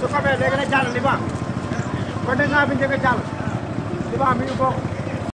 su xamee léegi na jàll li baax kon dañ naa fi njëkk a jàll li baax mi ngi bokk